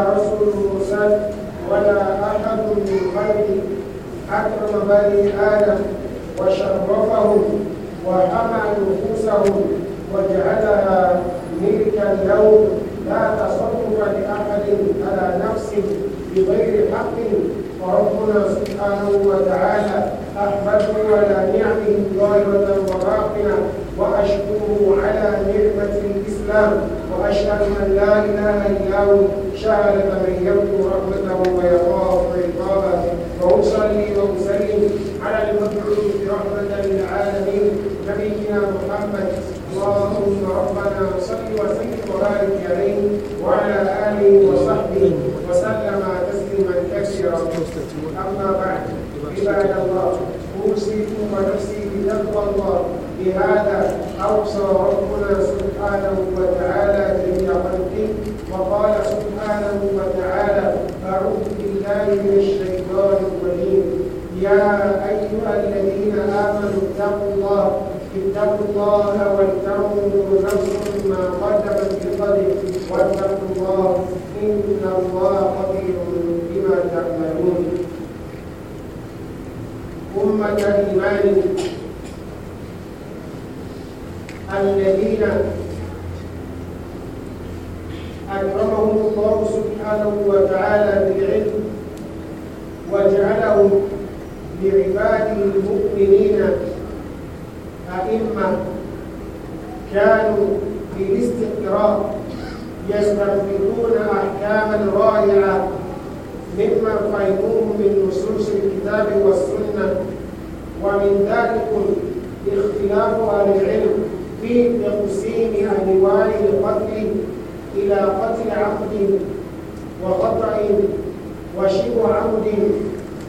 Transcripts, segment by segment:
رسول مرسل ولا أحد من خلقه أكرم بني آدم وشرفهم وحمى نفوسهم وجعلها ملكا لهم لا تصرف لأحد على نفسه بغير حق وربنا سبحانه وتعالى أحمده على نعمه ظاهرة وباطنة وأشكره على نعمة الإسلام وأشهد أن لا إله إلا هو شهادة من يرجو رحمته ويخاف عقابه وأصلي وأسلم على المبعوث رحمة للعالمين نبينا محمد اللهم ربنا صل وسلم وبارك عليه وعلى آله وصحبه وسلم تسليما كثيرا أما بعد عباد الله أوصيكم ونفسي بتقوى الله بهذا أوصى ربنا سبحانه وتعالى جميع خلقه وقال سبحانه وتعالى أعوذ بالله من الشيطان الرجيم يا أيها الذين آمنوا اتقوا الله اتقوا الله ولتنظر نفس ما قدمت بقدر واتقوا الله إن الله خبير بما تعملون أمة الإيمان الذين أكرمهم الله سبحانه وتعالى بالعلم وجعلهم لعباده المؤمنين أئمة كانوا في الاستقراء يستنبطون أحكاما رائعة مما فهموه من نصوص الكتاب والسنة ومن ذلك اختلاف أهل العلم بين قوسين عن يعني القتل إلى قتل عقد وخطأ وشبه عقد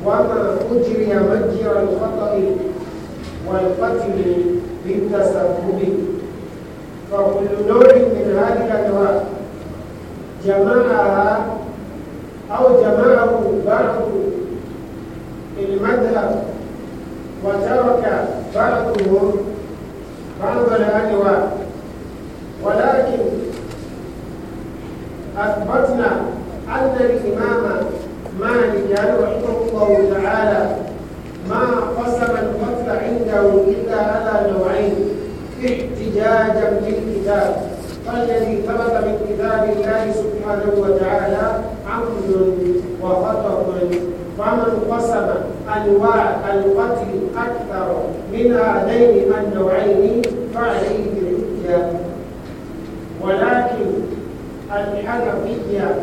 وما أجري مجرى الخطأ والقتل بالتسبب فكل نوع من هذه الأنواع جمعها أو جمعه بعض المذهب وترك بعضهم بعض الأجواب ولكن أثبتنا أن الإمام مالك يعني رحمه الله تعالى ما قسم القتل عنده إلا على نوعين احتجاجا بالكتاب فالذي ثبت من كتاب الله سبحانه وتعالى عمد وخطأ وأما قسم أنواع القتل أكثر من هذين النوعين فعليه الحجة ولكن الحنفية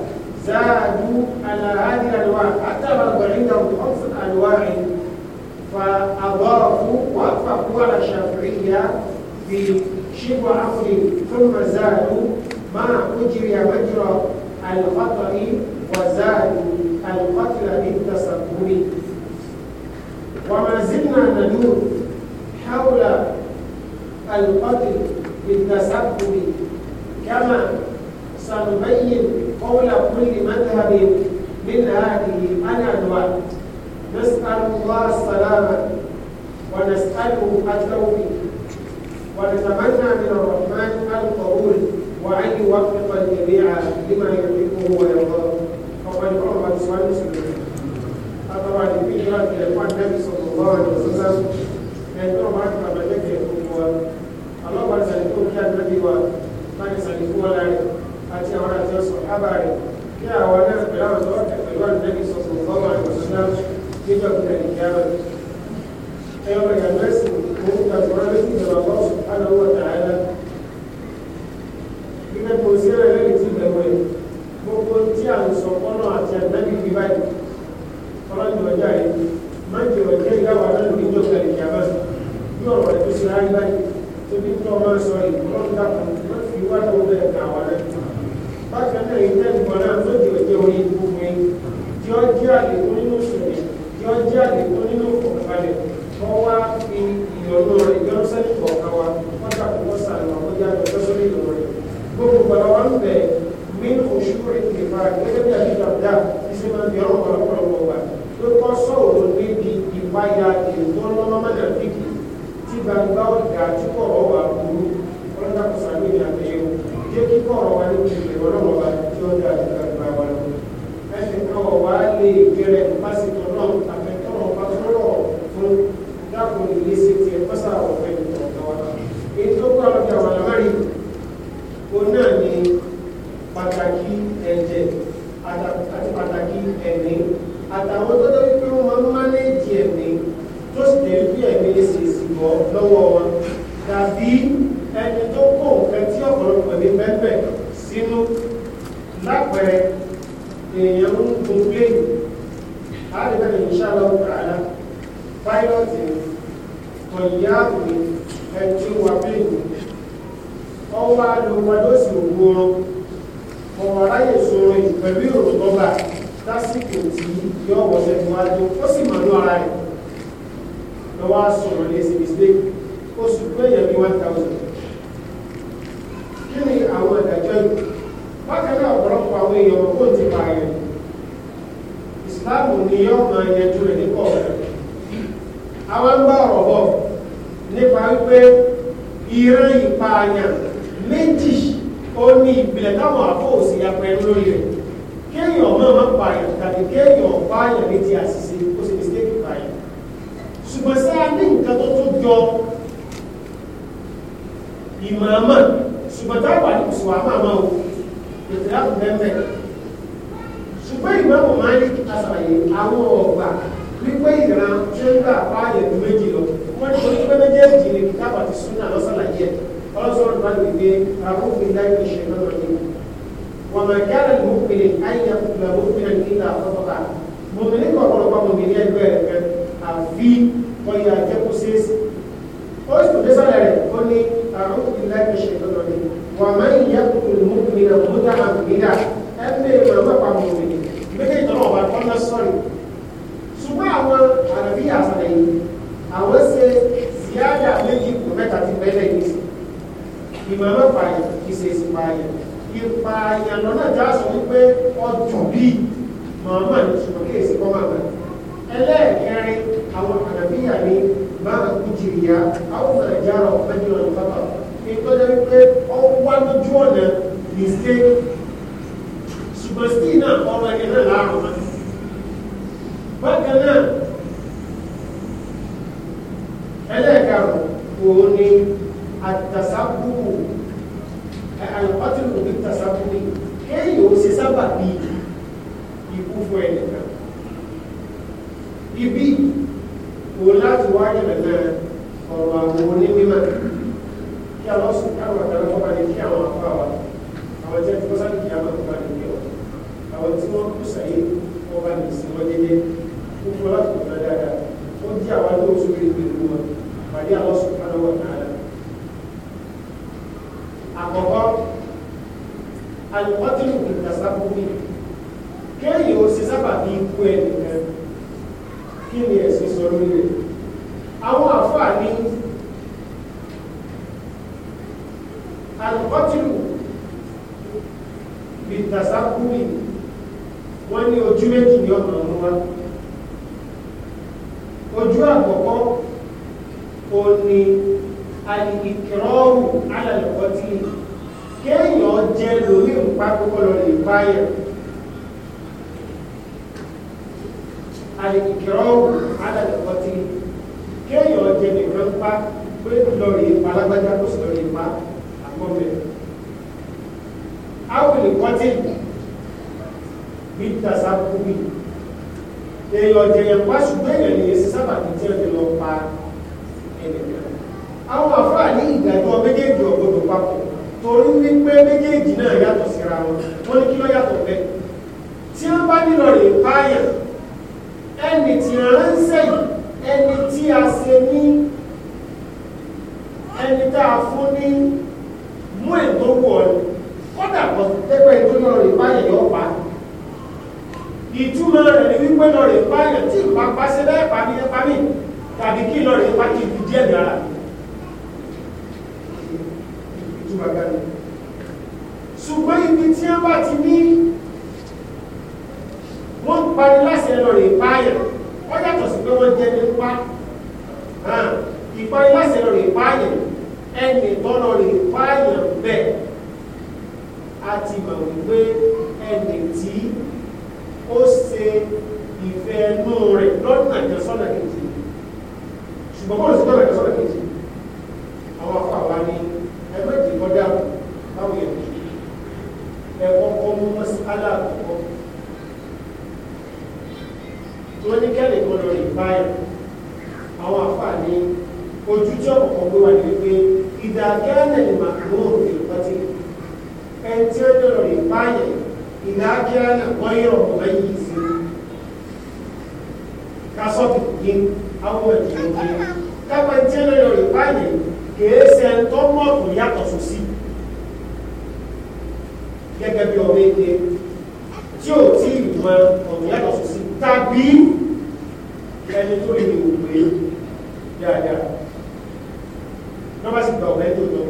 زادوا على هذه الأنواع حتى لو عندهم خمس أنواع فأضافوا وافقوا على الشافعية بشبه عقل ثم زادوا ما أجري مجرى الخطأ وزادوا القتل بالتسبب وما زلنا ندور حول القتل بالتسبب كما سنبين قول كل مذهب من هذه الأنواع نسأل الله السلامة ونسأله التوفيق ونتمنى من الرحمن القبول وأن يوفق الجميع لما يحبه ويرضاه ìsìnkú àtàwọn àdìbí ìlú àti ẹ̀kọ́ àdẹ́bí sọ̀rọ̀ lọ́wọ́ ẹ̀dọ̀ sílẹ̀ ẹ̀dọ́ máa ń gbàgbẹ́ lẹ́kẹ̀ ẹ̀kọ́ mọ́ wa alọ́gbà ìsàlẹ̀kọ́ kí àdẹ́bí wa láti ìsàlẹ̀kọ́ wa láàrẹ̀ àti àwọn àti ọ̀sọ̀ ábà rẹ̀ kí àwọn ẹ̀rẹ́ pẹ̀lú àwọn ọ̀dọ́ pẹ̀lú àdẹ́bí sọ̀rọ̀ lọ́wọ́ ẹ̀dọ̀ sílẹ̀ níjọ́ tàbí ẹni tó kó nǹkan tí ọ̀pọ̀lọpọ̀ ní pẹ́pẹ́ sínú lápẹẹrẹ èèyàn ń gun pléènì àdìbẹ́lẹ̀ ìṣàlọ́ ọ̀rọ̀ pilọ́tì tọ̀yáàmù ẹni tí wà pléènì ọwọ́ alùpàá ló sì wúrọ ọmọ aráyè sọ̀rọ̀ pẹ̀lú ìròyìn bọ́bà lásìkò tí yọ wọ̀ṣẹ̀ fún adó ó sì mọ̀ ní ara rẹ̀ lọ́wọ́ sọ̀rọ̀ lé mistake oṣù lẹ́yìn bí one thousand kí ni àwọn ìdájọ́ yìí bákan náà ọ̀pọ̀lọpọ̀ àwọn èèyàn kò ti pa ayọ̀ ìsìláàmù ni yóò máa yẹjú rẹ̀ nípa ọ̀rẹ́ àwọn ń bá ọ̀rọ̀ bọ̀ nípa wípé ìran ìpààyàn méjì ó ní ìpìlẹ̀ táwọn àfọ̀ọ́sì apẹ̀rù lórí rẹ̀ kéèyàn máa máa pààyàn tàbí kéèyàn pààyàn ní ti àṣìṣe ó sì fi ṣe é pààyàn ṣùgbọ́n sáà ní nǹkan tó tún jọ ìmọ̀ọ́mọ̀ ṣùgbọ́n tá a wà ní kùsùn àmọ́ àmọ́ o ètò ìyá kò bẹ́ẹ̀ ṣùgbọ́n ìmọ̀ọ́mọ̀ máa ń ní àṣàyè àwọn ọ̀gbà wípé ìran tí ó ń gbà pààyè ju méjì lọ wọ́n ní orí pé méjèèjì ni kìtàbà ti sún náà lọ́sàlàyé ọlọ́sọ̀rọ̀ bá lè gbé àwọn òfin láì ṣe náà ní wọ́n máa kí alẹ́ mọ̀ọ́pẹ̀lẹ̀ ayé àkùnlẹ̀ mọ̀ọ́pẹ̀lẹ̀ nígbà àkọ́kọ́ta mọ̀ọ́pẹ̀lẹ̀ kọ̀ọ̀kọ̀lọ́pọ̀ mọ̀ọ́pẹ̀lẹ̀ ẹgbẹ́ rẹ̀ àfi wọ́n ó sì tòbí sọ́lẹ̀ rẹ̀ ó ní àwọn ìlà ìṣẹ̀ lọ́dọ̀ ni wà má ń yẹ kùtùmù mìíràn múdà àmìlà ẹgbẹ́ ìwọ̀n ẹgbẹ́ pa mọ̀ mi méjì tọ́nà ọ̀bà tọ́nà sọ́rì ṣùgbọ́n àwọn àrẹ̀bí àṣàlẹ̀ yìí àwọn ṣe síyáàdà méjì kò mẹ́ta ti bẹ́lẹ̀ yìí ìmọ̀ ẹgbẹ́ pààyàn kì í ṣe ìsìnpààyàn ìpààyàn lọ́nà já sọ wípé ọjọ́ bíi mọ̀ọ́mọ̀ ní ṣùgbọ́n kí èsì kọ́ máa bẹ̀rẹ̀ ẹlẹ́ẹ̀kẹrin àwọn àrẹ̀bí àmì máa kú jìrì ya àwọn ọmọ ẹja rọ mẹjọ ní pápá ìtọ́jà wípé ọwọ́ lójú ọ̀nà ní ṣe ṣùgbọ́n sí náà ọ̀rọ̀ ẹni náà láàrùn mọ́ bákan náà ẹlẹ́ẹ̀karùn-ún òun ni àtàsákùrù àlùpàtìlù ní tàsákùrù kéèyàn ó ṣe sábà bíi ikú fún ẹnìkan ibi wò láti wá yẹ̀lẹ̀ ọ̀rọ̀ àwọn onímọ̀ kí a lọ sí káwọn àtàlẹ́ fọ́ba ní kí àwọn afọ àwà àwọn jẹ́ tí wọ́n sáré kí a máa fọ́ba ní kí ọ àwọn tí wọ́n kú sàyè wọ́n bá lè sí wọ́n dédé ó fún láti kọ̀ náà dáadáa ó jẹ́ àwọn tó oṣù rí pẹ̀lú wọn pàdé àwọn sùn ká lọ́wọ́ náà àkọ́kọ́ alùpàtìlù kìkà sábúgbì kéèyàn ó sì sábà bí ikú ẹnìkan kí ni ẹ̀sìn sọ lórí rẹ̀ àwọn àfáà ní alùpọ́tìlù bìtàsákúrì wọ́n ní ojú méjì ní ọ̀nà ọ̀run wa ojú àkọ́kọ́ o ní alìkìrọ́ọ̀rù alàlùpọ́tìlù kéèyàn jẹ́ lórí ìpá kókó lọ lè pààyàn àlèkìkìrọ́wù alàlẹ́kọ́tì kéèyàn jẹ nìkan pa pé lọ́ọ̀rì ipa alágbájá kò sí lọ́ọ̀rì ipa àgbọ̀bẹ̀. áwùlì kọ́tì bí tàṣà kúbi èèyàn jẹyàn pa ṣùgbọ́n èèyàn lè ṣe sábà ní tí ẹni lọ pa ẹnìkan. àwọn àfáà ní ìdájọ́ méjèèjì ọ̀gbọ́dọ̀ papọ̀ torí wípé méjèèjì náà yàtọ̀ síra wọn wọ́n ní kí ló yàtọ̀ bẹ́ẹ̀ tí wọ́n bá nílò rè pààyàn ẹni tí ránṣẹ́ ẹni tí a ṣe ní ẹni tá a fún ní mú ètò wù ọ ni kódà kan tẹ́pẹ́ ètò náà rè báyẹ̀ yọ pa ìtumọ̀ rẹ̀ ni wípé lọ rè báyẹ̀ tí ìpapá ṣe bẹ́ẹ̀ pa mí ẹpa mí tàbí kí lọ rè pa kí ìdí díẹ̀ dára ìtumọ̀ gbani ṣùgbọ́n ibi tí wọ́n bá ti ní wọ́n ń parí láti ẹlọ rè páyàn ó yàtọ̀ sí pé wọ́n jẹ́ ní pa ìparí láti ẹlọ rè páyàn ẹnì tọ́lọ rè páyàn bẹ́ẹ̀ a ti mọ̀ wípé ẹnì tí ó ṣe ìfẹ́ ẹnu rẹ̀ lọ́nà kan kejì ṣùgbọ́n bọ́ọ̀lù lọ́nà kan kejì àwọn afọ ni ẹgbẹ́ ìdìbọn dáàbò báwo yẹn ẹ̀kọ́ kọ́ mú mọ́sálà àkọ́kọ́ wọ́n ní kẹ́lẹ̀ kan lọ rìn báyìí àwọn àfààní ojú tí ọ̀pọ̀ gbé wà ní pé ìdàgẹ́lẹ̀ ìmọ̀ àwọn òfin pọ́tì ẹni tí ó lọ rìn báyìí ìdàgẹ́lẹ̀ wọ́n yọ̀ ọ̀pọ̀ yìí sí kásọ̀tì yìí àwọn ẹ̀jẹ̀ òkè kápẹ́ tí ó lọ rìn báyìí kìí ṣe tó mọ̀tò yàtọ̀ sósì gẹ́gẹ́ bí ọmọ èdè tí ò tí ì mọ ọ̀tò yàtọ̀ sósì tàbí ẹni tó lè wò pé dáadáa lọ́wọ́ sì gbà ọ̀bẹ tó lọ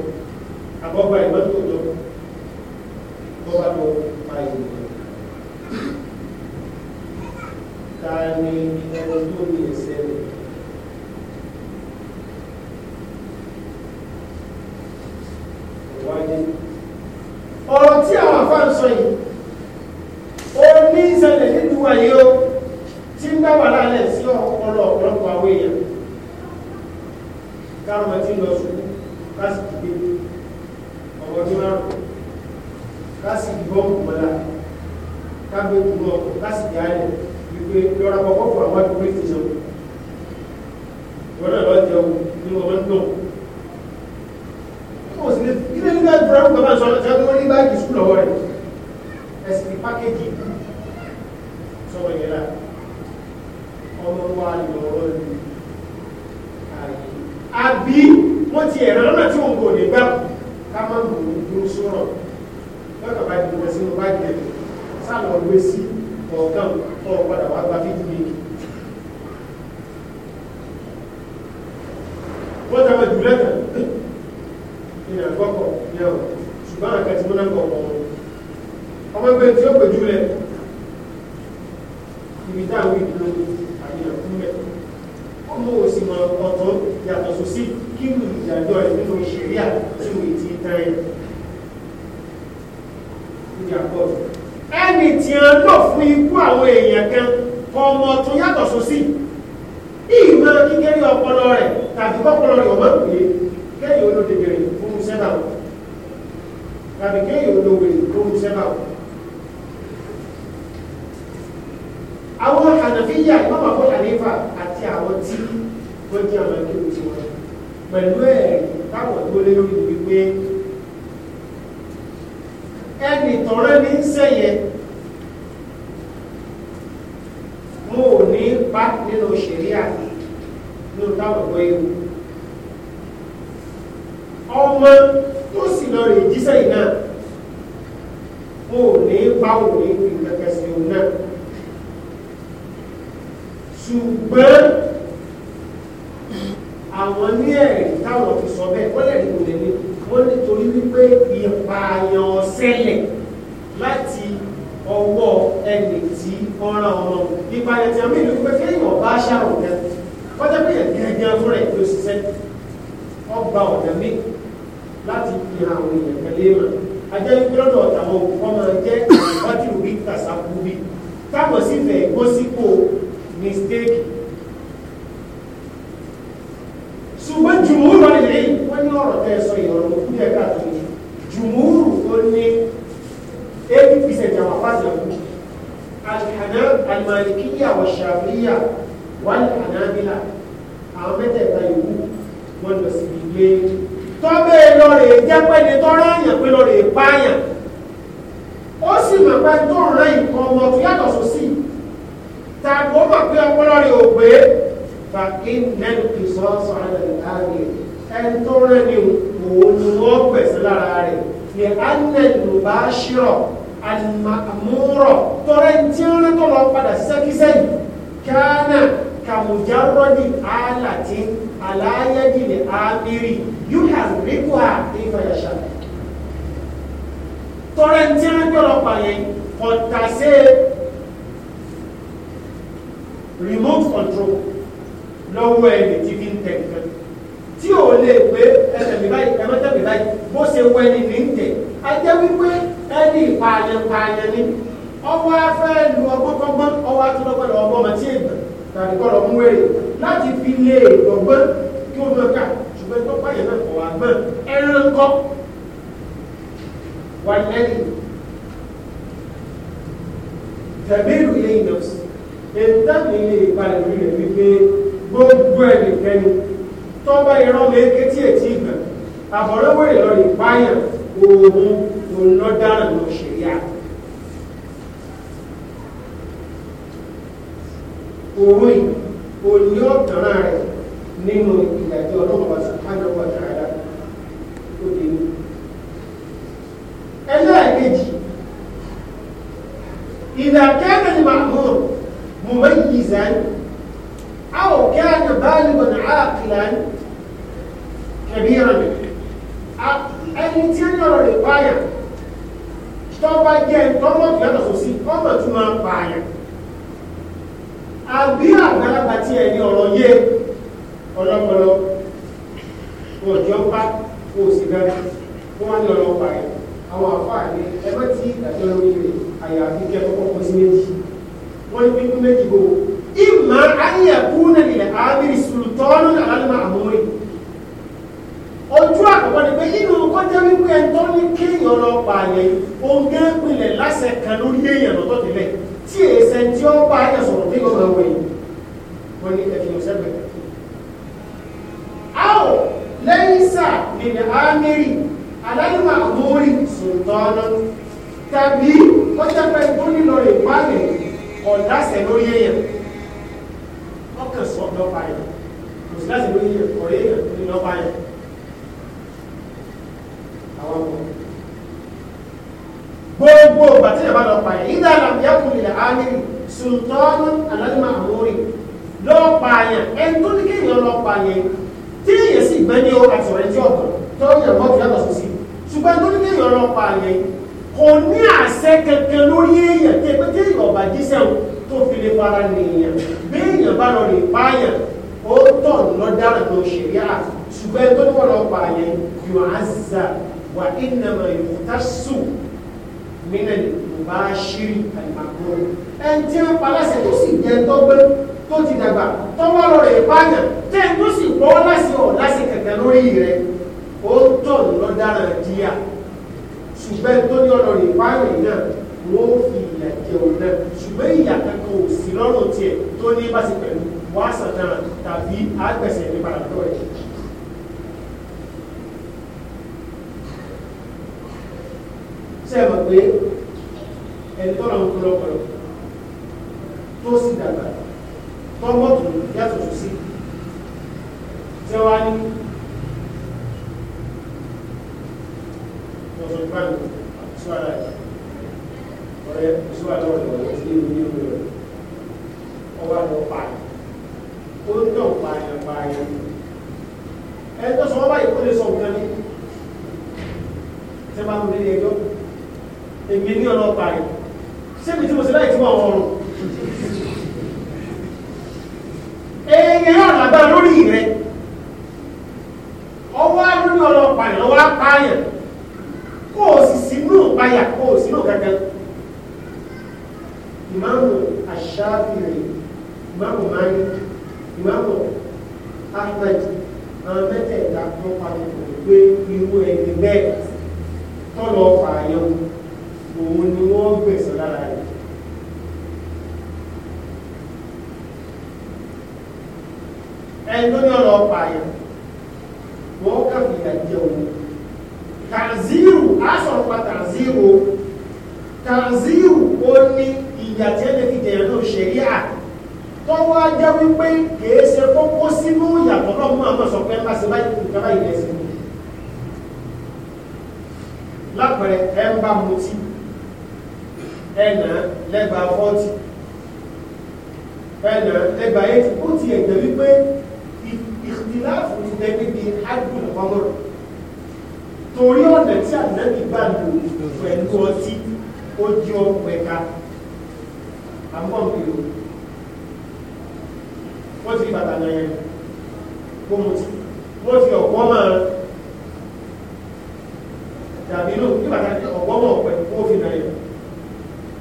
ní kẹ́yìn ọpọlọ rẹ̀ tàbí kọ́pọlọ rẹ̀ ọmọ pè é kẹ́yìn olódebèrè fún sẹ́bà wọn tàbí kẹ́yìn olóbèrè fún sẹ́bà wọn. àwọn ànàfíyà ìmọ̀mọ̀ fún àlefa àti àwọn tí wọ́n jẹ́ àwọn akéwì tí wọ́n pẹ̀lú ẹ̀ táwọn tó lé lórí wípé ẹnì tọ́rẹ́ ní sẹ́yẹ wọn ò ní pa nínú ṣẹ̀ríà yìí ló táwọn gbọ́ ewu ọmọ tó sì lọ rè jíṣẹ́ yìí náà ò ní bá ò ní fi kẹ̀kẹ́ sí òun náà ṣùgbọ́n àwọn ní ẹ̀rí táwọn ti sọ bẹ́ẹ̀ wọ́n lè rí òde ní wọ́n nítorí wípé ìpààyàn ṣẹlẹ̀ láti ọwọ́ ẹnì tí ọ̀ràn ọ̀ràn ìpààyàn tí a mí pé kéèyàn bá ṣàròkẹ́ kọjá pé ẹ̀gẹ́gẹ́ fún rẹ̀ ló ṣiṣẹ́ ọgbà ọ̀nà mi láti fi hàn àwọn èèyàn pẹ̀lẹ́ mọ̀ ajẹ́ wípé lọ́dọ̀ ọ̀tàwọn olùkọ́ máa jẹ́ àwọn ìwádìí òbí tàṣà kú bí táwọn sì fẹ̀ gbó sípò tó rẹ̀ ní òun ni wọ́n pẹ̀sẹ̀ lára rẹ̀ ní anẹ́lùbá ṣírọ̀ àmúrọ̀ tọ́rẹ́ tí ó rẹ̀ tó lọ padà sẹ́kísẹ́yìn kánà kàmùjárọ́dì alàtí aláyẹ́dì ní àmìrì yóò hà ríkù hà ìfẹ̀yàṣà tọ́rẹ́ tí ó rẹ̀ tó lọ padà kọ̀tàṣe remote control lọ́wọ́ ẹni tí fi ń tẹ̀ nǹkan tí ò lè pé ẹsẹ̀ mi báyìí ẹ̀mọ́ tẹ̀mí báyìí bó ṣe wọ ẹni ní ń tẹ̀ a jẹ́ wípé ẹni ìpààyàn pààyàn ni ọwọ́ afẹ́ lu ọgbọ́n gbọ́ngbọ́n ọwọ́ atúndọ́gbọ́n lọ ọgbọ́n màtí èèyàn tàbí kọ́ lọ mú wèrè láti fi lè gbọ̀ngbọ́n kí ó lọ ká ṣùgbọ́n tó pààyàn náà kọ̀ wá gbọ́n ẹran ń kọ́ wà lẹ́yìn tẹ̀mí ìlú yẹn ìnà sí ètò ìlú ìpààyàn rẹ̀ wípé gbogbo ẹnìkẹ́ni tọ́ba ìran lè ké tí ètí ìgbà àbọ̀rẹ́wẹ̀rẹ̀ lọ lè páyàn òògùn òun lọ dára lọ ṣèyá òun yìí òní ọ̀tàn rẹ̀ nínú ìdájọ́ ọlọ́run wa sàkánà wà dáadáa ó dé ní. ẹlẹ́ẹ̀kejì ìdàkẹ́rẹ́ ni màmúrò mùmẹ́yìí zan aw kana baligan aqilan kẹ̀bíra ẹni tí ó yọ̀rọ̀ rẹ̀ báyà tó bá jẹ́ tọ́mọ̀ tó yàtọ̀ sósì ọmọ tó máa pààyàn àbí àgbàlagbà tí ẹni ọ̀rọ̀ yé ọlọ́pọlọ ọjọ́ pa kó o sì gbẹ́rẹ́ kó wá ní ọlọ́pàá yẹn àwọn àfáà ní ẹgbẹ́ tí ìdájọ́ lórí rẹ̀ àyàfi kẹ́ kọ́kọ́ pọ̀ sí méjì wọ́n ní pínpín méjì gbogbo ìmọ̀ ayẹ̀kú náà nílẹ̀ àmì ìsùlùtọ́nù àlálùmọ̀ àmúrí àwọn ìgbé nínú kọjá wípé ẹni tó ní kéèyàn lọ pa àyẹ̀ oúnjẹ pinlẹ̀ lásẹ̀ kan lórí èèyàn lọ́tọ̀ tẹ́lẹ̀ tí èsẹ̀ tí ó pa àyẹ̀ sọ̀rọ̀ tí yóò máa wẹ̀ wọ́n ní ẹ̀fìn ọ̀sẹ̀gbẹ̀. áwọ̀ lẹ́yìn sà nínú ámírì aláìmọ̀ àmórì sùntọ́nà tàbí kọjá pé gómìnà rẹ̀ pààyẹ̀ ọ̀dásẹ̀ lórí èèyàn ọkàn sọ̀dọ̀ pààyẹ̀ kò sí gbogbo ìgbà tí ìyàbá lọ pààyàn ìdá àlàmìyàkùn ilẹ̀ ámìrì sultana alálìmọ̀ àmórí lọ pààyàn ẹni tó ní kéèyàn lọ pààyàn tí èyàn sì gbẹ́ ní owó àti ọ̀rẹ́ tí ọ̀tọ̀ tó ń yàn mọ́tò yàtọ̀ sí ṣùgbọ́n tó ní kéèyàn lọ pààyàn kò ní àṣẹ kankan lórí èyàn tí ẹgbẹ́ tí ìyàn bá jíṣẹ́ tó fi lè fara nìyàn bí èyàn bá lọ lè pààyàn ó tọ̀ lọ́dára tó ṣèrí à ṣùgbọ́n tó ní wọ́n lọ pààyàn yóò وإنما يختص من المباشر المقبول ẹnití ń paláṣẹ tó sì jẹ tọgbẹ tó ti dàgbà tọwọ lọrọ ìpààyàn tẹ ẹ tó sì gbọ láṣẹ ọ láṣẹ kẹkẹ lórí rẹ ó tọ lọdaràn díà ṣùgbọ́n tó ní ọlọrọ ìpààyàn yìí náà wọn ò fi sẹ́wọ̀n pé ẹni tọ́lọ̀ ń kúrò ọpọlọ tó sì dàgbà tọ́gbọ̀tún yàtọ̀ sí tí wọ́n á wọ́n ti rí bàtà náà yẹn kó mu ti wọ́n fi ọ̀pọ̀ máa dàbí lò ní bàtà ọ̀pọ̀ máa ọ̀pẹ kó fi náà yẹn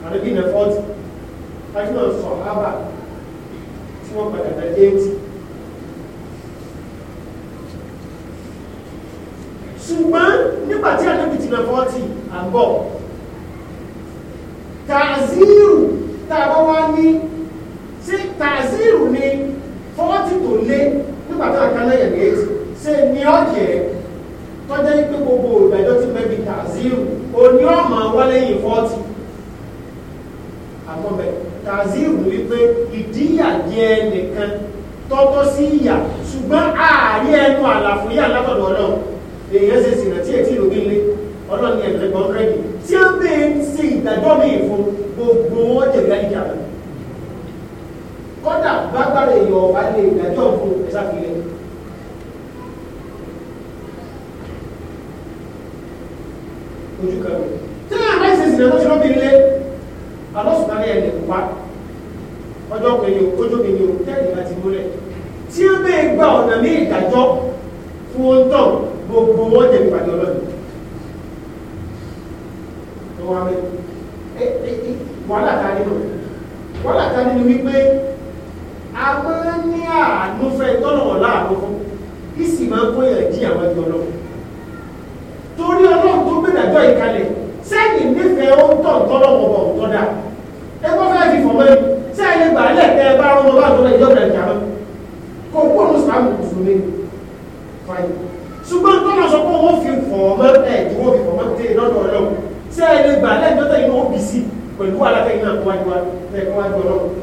àdébí nà fọ́ọ̀tì láti náà sọ̀ ábà tí wọ́n padà dá déètì. ìsìláàmù mùsùlùmí fine ṣùgbọ́n tó lọ sọ pé wọ́n fi fọ̀ọ́mọ́ ẹ̀ tí wọ́n fi fọ̀ọ́mọ́ tẹ̀ lọ́dọ̀ ọlọ́run ṣé ẹ lè gbà lẹ́jọ́ tẹ̀yìn náà ó bì sí pẹ̀lú aláfẹ́ iná wájú wa lẹ́ẹ̀kan wájú ọlọ́run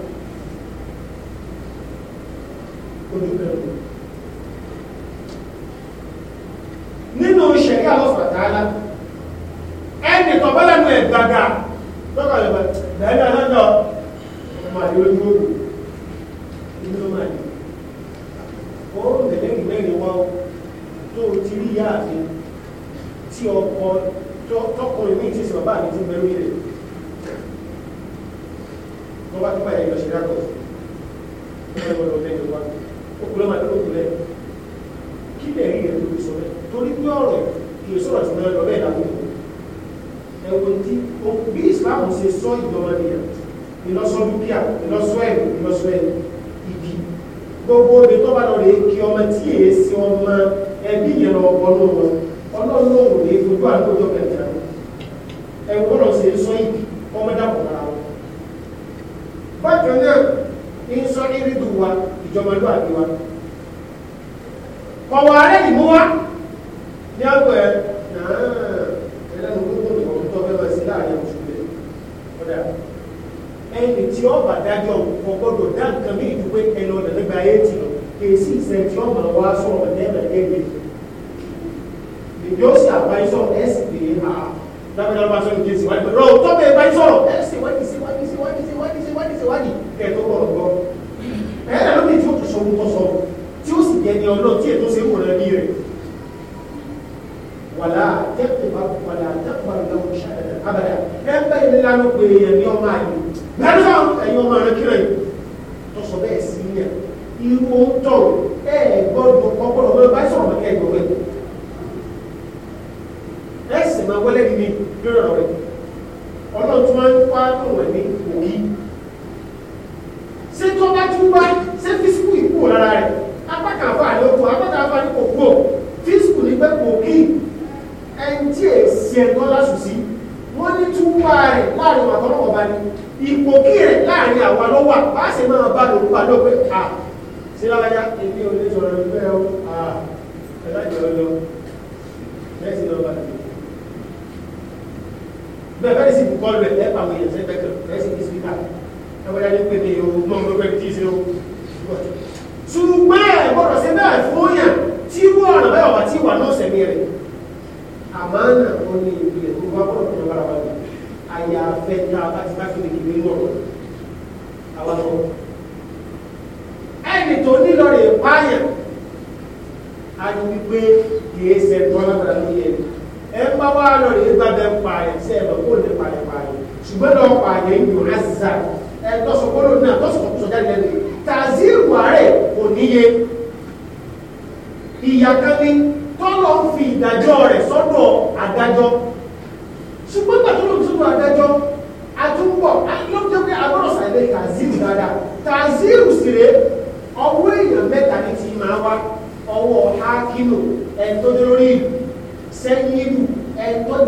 tẹ́tẹ̀má wàlẹ̀ àtẹ́kùmá ìlọ́wọ́ ìṣàlẹ̀ abẹ́rẹ́ ẹ bẹ́ ilé lánà pé ẹ̀mí ọmọ àyè lánà ẹ̀yìn ọmọ rẹ kírẹ̀ tó sọ bẹ́ẹ̀ sí ilẹ̀ irú ó ń tọ̀ ẹ̀ gbọ́dọ̀ ọpọlọ wọlé báyìí sọ̀rọ̀ mọ́kẹ́ ẹ̀gbọ́n rẹ̀ ẹ̀sìn máa wọlé nínú lórí ọ̀rọ̀ rẹ̀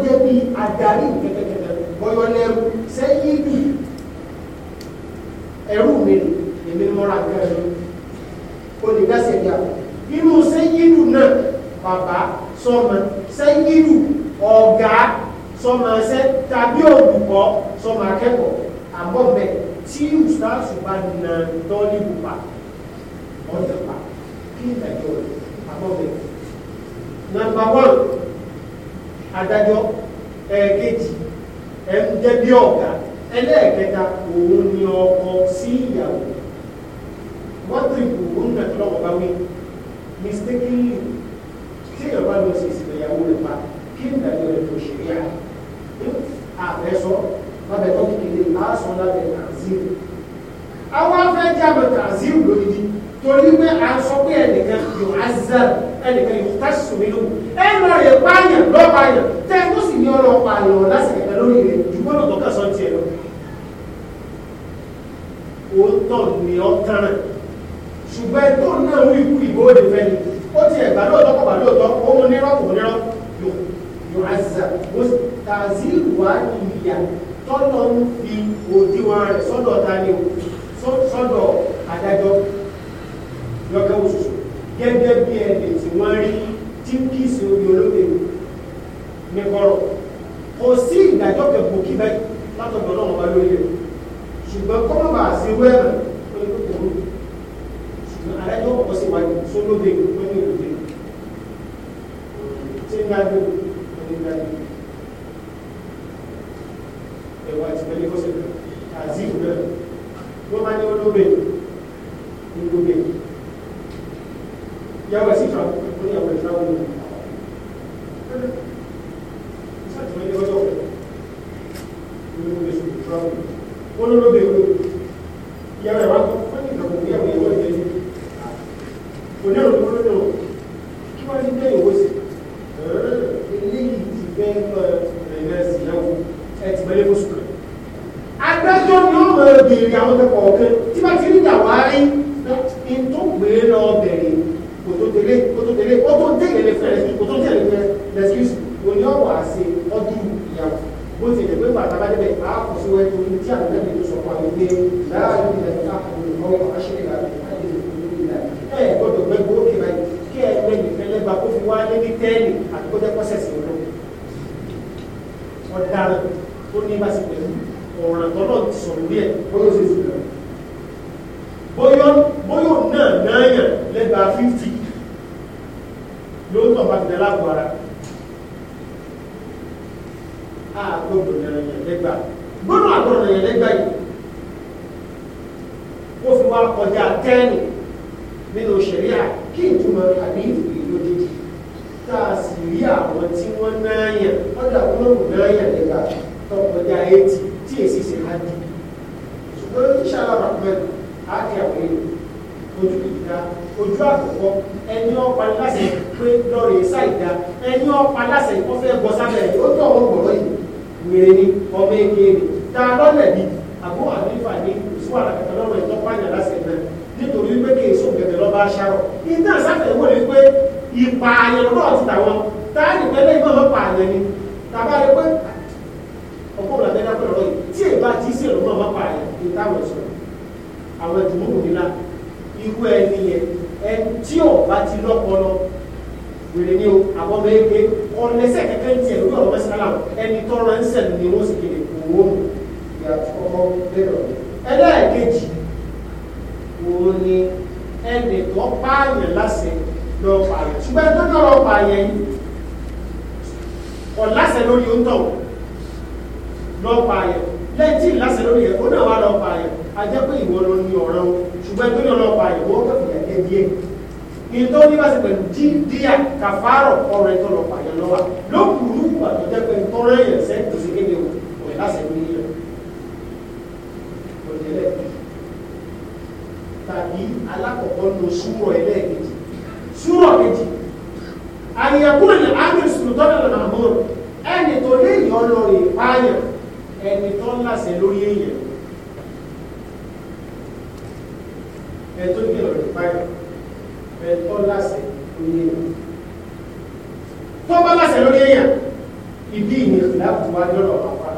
jẹ́ bí adarí kẹ̀kẹ̀kẹ̀ bọ́yọ́ lẹ́rú sẹ́yìn bí ẹrú mi èmi mọ́ra gẹ́rẹ́ olùdásẹ̀dá inú sẹ́yìn náà bàbá sọmọ sẹ́yìn ọ̀gá sọmọ ẹsẹ tàbí olùkọ́ sọmọ akẹ́kọ̀ọ́ àmọ́ bẹ́ẹ̀ tí ustaasu bá na tọ́lí bùbá ọ̀dẹ̀pá kí ìdájọ́ rẹ̀ àmọ́ bẹ́ẹ̀. nàmbà wọ́n adájọ́ ẹ̀ẹ̀kejì ẹ̀ ń jẹ́ bí ọ̀gá ẹlẹ́ẹ̀kẹta òun ni ọkọ sí ìyàwó wọ́n tún ìbò òun náà tó lọ́wọ́ bá wí mistakenly tí ìyàwó lọ sí ìsìnkú ìyàwó rẹ̀ pa kí n dàgbé rẹ̀ tó ṣe yá àbẹ́sọ lábẹ́ tó kékeré lábẹ́ tàzíìrì àwọn afẹ́jábẹ̀ tàzíìrì lódìdí torí pé à sọ pé ẹnìkan yóò á ẹnìkan yìí tásìsù mi lóhùn ẹ máa rè pààyàn lọ́pààyàn tẹ ẹ tó sì ní ọ̀nà pààyàn ọ̀nà sẹ̀kẹ̀kẹ̀ lórí rẹ̀ ṣùgbọ́n lọ́tọ̀ kà sọ tiẹ̀ lọ. òótọ́ ni ọ tán ṣùgbọ́n ẹtọ́ náà ń ikú ìbò òde fẹ́ ni ó ti ẹ̀gbà lóòótọ́ kọ̀ọ̀bà lóòótọ́ òun nírọ́ òun nírọ́ yóò àzà tàzílù wá ìyà tọ́lọ́ ń fi òdiwọ̀n rẹ̀ sọ́dọ̀ ta ni sọ́dọ̀ adájọ́ lọ́kẹ́wò ṣoṣo gẹ́gẹ́ bí ẹni tí wọ́n rí tí ń kí sí omi olóbìnrin ní kọ́rọ̀ kò sí ìdájọ́ kẹ̀kọ́ kí báyìí látọ̀dọ̀ náà wà lórí rẹ̀ ṣùgbọ́n kọ́mọ̀ bá sí ewé ẹ̀rọ tó ń kókò rú ṣùgbọ́n adájọ́ ọ̀pọ̀ sí wájú sólóde lórí ìròyìn tí ń dájú ọdún dájú ẹ̀wà àti pẹ̀lú kọ́sẹ̀ àzíìfù bẹ́ẹ̀ wọ́n máa ní olóbìnrin ní gbogbo 有卫生站，我们有卫生站。ọlọ́run ìtọ́ pààyàn láti ẹ̀mẹ́ nítorí pé kí èso gẹ̀gẹ̀ lọ́ba aṣáró ìtàn sáfẹ̀wò ni pé ìpààyàn náà ti tàwọn táàdì pẹ́lẹ́ ìgbọ́n lọ́pọ̀ àyẹ̀ ni tàbá rẹ pé ọkọ̀ òun àbẹ́dá pẹ̀lú ọ̀yìn tí èbá ti sí ẹ̀rọ náà lọ́pọ̀ àyẹ̀ ní táwọn ẹ̀sọ́ àwọn ẹ̀dùnmọ́ kò nílá irú ẹni yẹn ẹni tí ọba ti lọ́pọlọ wèrè ni o àbọ̀ mẹ́gbẹ́ ọ̀nẹ́sẹ̀ kẹ́kẹ́ ń tiẹ̀ lórí ọ̀rọ̀ mẹ́sàn-án ẹni tọ́ra ń sẹ̀ ni wọ́n sì kéde òwò ìyàtọ̀ ọkọ̀ bẹ́ẹ̀ ẹlẹ́ẹ̀kejì òun ni ẹnì tó pààyàn láṣẹ lọ pààyàn ṣùgbọ́n tó náà lọ pààyàn yìí kọ̀ láṣẹ lórí oúntọ̀ lọ pààyàn lẹ́yìn tí ìláṣẹ lórí ẹ̀ ó náà wá lọ pààyàn a jẹ́ pé ìwọ ló ní ọ̀rọ̀ ṣùgbọ́n tó náà lọ pààyàn ó kẹ́kọ̀ọ́ yẹn díẹ̀ ní tó ní báṣe pẹ̀lú dídíà kàfárọ̀ ọ̀rẹ́ tó lọ pààyàn lọ́wọ́ lókùrú àtọ̀jẹ́ pé tó rẹ̀ yẹn sẹ́kù sí kéde tàbí alákọ̀ọ́kọ́ lo súrọ̀ ẹlẹ́ẹ̀kejì súrọ̀ kejì àyẹ̀kúrò ní amir sultana mahmoud ẹni tó lé èèyàn lọ rè pààyàn ẹni tó ń làṣẹ lórí èèyàn ẹni tó lé èèyàn rè pààyàn ẹni tó làṣẹ lórí èèyàn tó bá làṣẹ lórí èèyàn ibi ìní ìlàbù wa dọ́rọ̀ pàpà